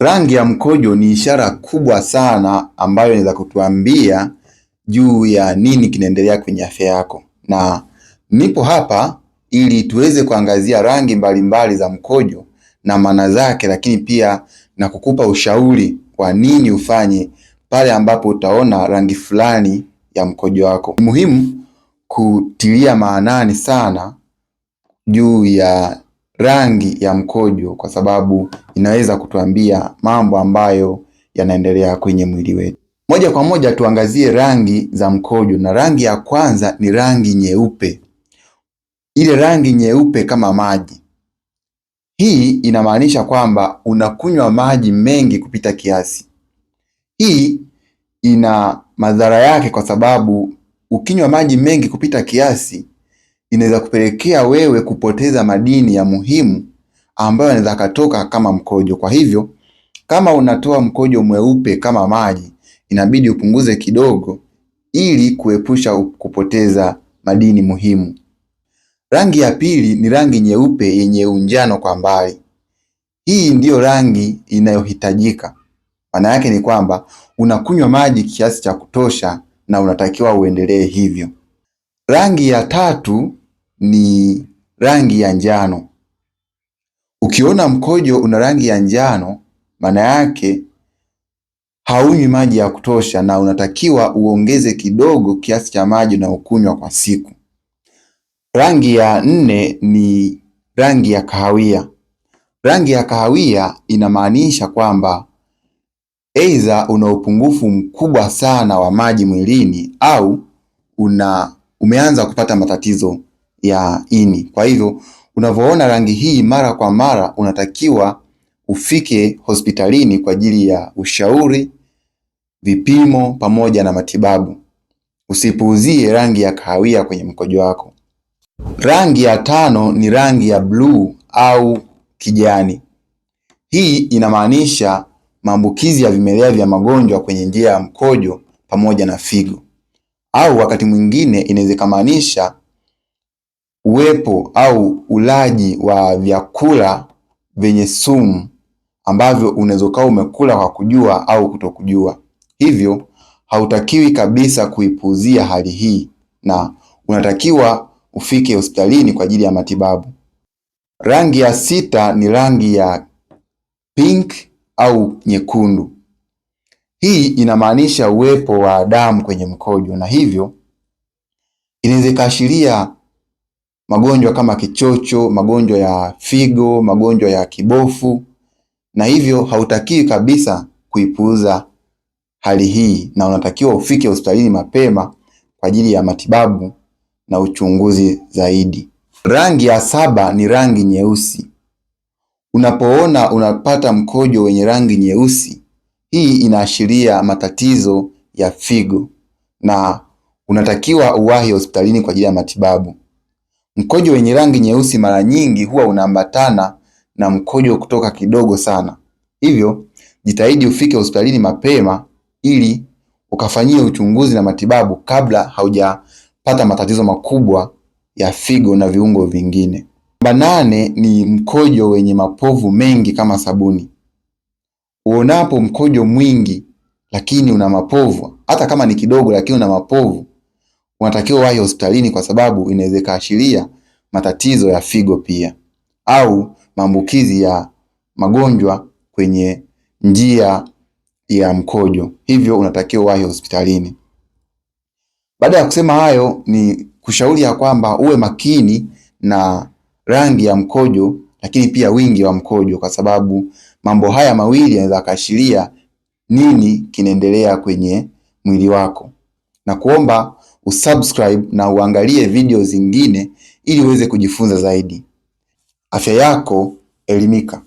Rangi ya mkojo ni ishara kubwa sana ambayo inaweza kutuambia juu ya nini kinaendelea kwenye afya yako, na nipo hapa ili tuweze kuangazia rangi mbalimbali za mkojo na maana zake, lakini pia na kukupa ushauri wa nini ufanye pale ambapo utaona rangi fulani ya mkojo wako. Ni muhimu kutilia maanani sana juu ya rangi ya mkojo, kwa sababu inaweza kutuambia mambo ambayo yanaendelea kwenye mwili wetu. Moja kwa moja tuangazie rangi za mkojo, na rangi ya kwanza ni rangi nyeupe, ile rangi nyeupe kama maji. Hii inamaanisha kwamba unakunywa maji mengi kupita kiasi. Hii ina madhara yake, kwa sababu ukinywa maji mengi kupita kiasi inaweza kupelekea wewe kupoteza madini ya muhimu ambayo yanaweza katoka kama mkojo. Kwa hivyo kama unatoa mkojo mweupe kama maji, inabidi upunguze kidogo ili kuepusha kupoteza madini muhimu. Rangi ya pili ni rangi nyeupe yenye unjano kwa mbali. Hii ndiyo rangi inayohitajika. Maana yake ni kwamba unakunywa maji kiasi cha kutosha na unatakiwa uendelee hivyo. Rangi ya tatu ni rangi ya njano. Ukiona mkojo una rangi ya njano, maana yake haunywi maji ya kutosha na unatakiwa uongeze kidogo kiasi cha maji unayokunywa kwa siku. Rangi ya nne ni rangi ya kahawia. Rangi ya kahawia inamaanisha kwamba aidha una upungufu mkubwa sana wa maji mwilini au una umeanza kupata matatizo ya ini. Kwa hivyo unavyoona rangi hii mara kwa mara, unatakiwa ufike hospitalini kwa ajili ya ushauri, vipimo pamoja na matibabu. Usipuuzie rangi ya kahawia kwenye mkojo wako. Rangi ya tano ni rangi ya bluu au kijani. Hii inamaanisha maambukizi ya vimelea vya magonjwa kwenye njia ya mkojo pamoja na figo, au wakati mwingine inaweza ikamaanisha uwepo au ulaji wa vyakula vyenye sumu ambavyo unaweza ukawa umekula kwa kujua au kutokujua, hivyo hautakiwi kabisa kuipuuzia hali hii na unatakiwa ufike hospitalini kwa ajili ya matibabu. Rangi ya sita ni rangi ya pink au nyekundu. Hii inamaanisha uwepo wa damu kwenye mkojo na hivyo inaweza ikaashiria magonjwa kama kichocho, magonjwa ya figo, magonjwa ya kibofu, na hivyo hautakii kabisa kuipuuza hali hii, na unatakiwa ufike hospitalini mapema kwa ajili ya matibabu na uchunguzi zaidi. Rangi ya saba ni rangi nyeusi. Unapoona unapata mkojo wenye rangi nyeusi, hii inaashiria matatizo ya figo na unatakiwa uwahi hospitalini kwa ajili ya matibabu. Mkojo wenye rangi nyeusi mara nyingi huwa unaambatana na mkojo kutoka kidogo sana, hivyo jitahidi ufike hospitalini mapema ili ukafanyie uchunguzi na matibabu kabla haujapata matatizo makubwa ya figo na viungo vingine. Namba nane ni mkojo wenye mapovu mengi kama sabuni. Uonapo mkojo mwingi lakini una mapovu, hata kama ni kidogo, lakini una mapovu, unatakiwa wahi hospitalini kwa sababu inaweza ikaashiria matatizo ya figo pia au maambukizi ya magonjwa kwenye njia ya mkojo, hivyo unatakiwa wahi hospitalini. Baada ya kusema hayo, ni kushauri ya kwamba uwe makini na rangi ya mkojo, lakini pia wingi wa mkojo, kwa sababu mambo haya mawili yanaweza kaashiria nini kinaendelea kwenye mwili wako na kuomba usubscribe na uangalie video zingine ili uweze kujifunza zaidi. Afya yako elimika.